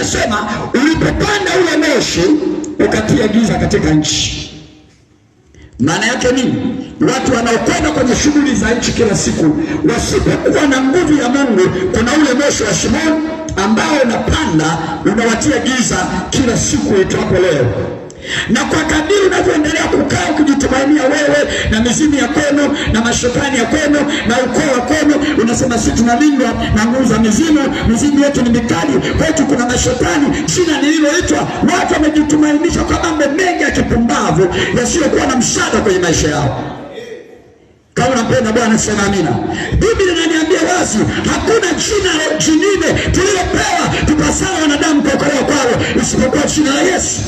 anasema ulipopanda ule moshi ukatia giza katika nchi. Maana yake nini? Watu wanaokwenda kwenye shughuli za nchi kila siku wasipokuwa na nguvu ya Mungu, kuna ule moshi wa Shimoni ambao unapanda unawatia giza kila siku itwapo leo na kwa kadiri unavyoendelea kukaa ukijitumainia wewe na mizimu ya kwenu na mashetani ya kwenu na ukoo wa kwenu, unasema si tunalindwa na nguvu za mizimu, mizimu yetu ni mikali, kwetu kuna mashetani Jina lililoitwa watu wamejitumainisha kwa mambo mengi ya kipumbavu yasiyokuwa na msaada kwenye maisha yao. Kama unapenda Bwana sema amina. Biblia inaniambia wazi, hakuna jina jingine tulilopewa tupasao wanadamu kuokolewa kwao isipokuwa jina la Yesu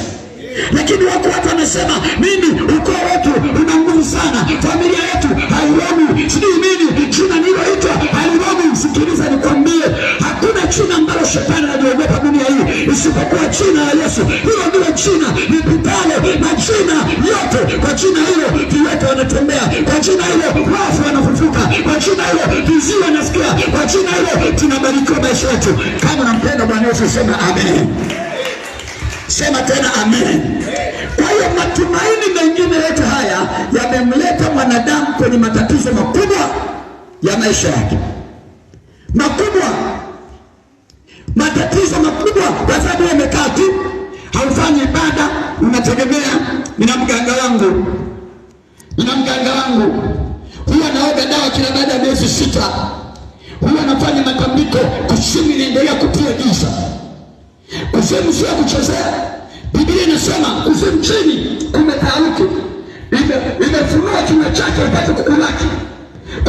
lakini watu watu wamesema mimi ukoo wetu una nguvu sana, familia yetu hairomi, sijui nini jina niloitwa haliromi. Sikiliza nikwambie, hakuna china ambalo shetani anajiogopa dunia hii isipokuwa china ya Yesu. Hilo ndilo jina na china yote. Kwa china hilo viwete wanatembea, kwa china hilo wafu wanafufuka, kwa china hilo vizii wanasikia, kwa china hilo tunabarikiwa maisha yetu. Kama nampenda Bwana Yesu, sema amen. Sema tena amen. Kwa hiyo matumaini mengine yote haya yamemleta mwanadamu kwenye matatizo makubwa ya maisha yake, makubwa, matatizo makubwa, kwa sababu umekaa tu, haufanyi ibada, unategemea nina mganga wangu, nina mganga wangu, huwa naoga dawa kila baada ya miezi sita, huwa anafanya matambiko, kusimi inaendelea kutia giza kuzimu sio ya kuchezea. Biblia inasema kuzimu chini kumetaharuki, imefunua kinywa chake ipate kukulaki,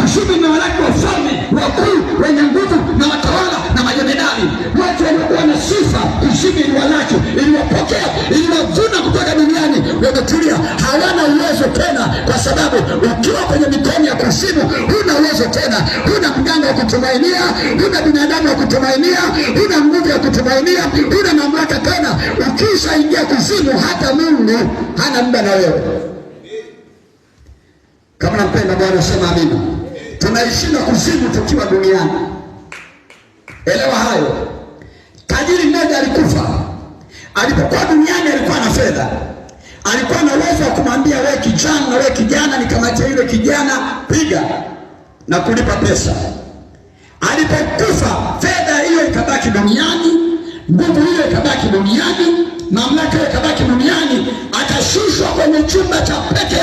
kusudi imewalaki wafalme wakuu wenye nguvu na watawala na majemadari wote waliokuwa na sifa. kuzimu iliwalaki, iliwapokea, iliwavuna kutoka duniani, wametulia. uwezo tena, huna mganga wa kutumainia, huna binadamu wa kutumainia, huna nguvu ya kutumainia, huna mamlaka tena. Ukishaingia kuzimu, hata Mungu hana muda na wewe. Kama nampenda Bwana, sema amina. Tunaishinda kuzimu tukiwa duniani, elewa hayo. Tajiri mmoja alikufa, alipokuwa duniani alikuwa na fedha alikuwa na uwezo wa kumwambia wewe kijana, wewe kijana, nikamatia yule kijana, piga na kulipa pesa. Alipokufa, fedha hiyo ikabaki duniani, nguvu hiyo ikabaki duniani, mamlaka hiyo ikabaki duniani, akashushwa kwenye chumba cha peke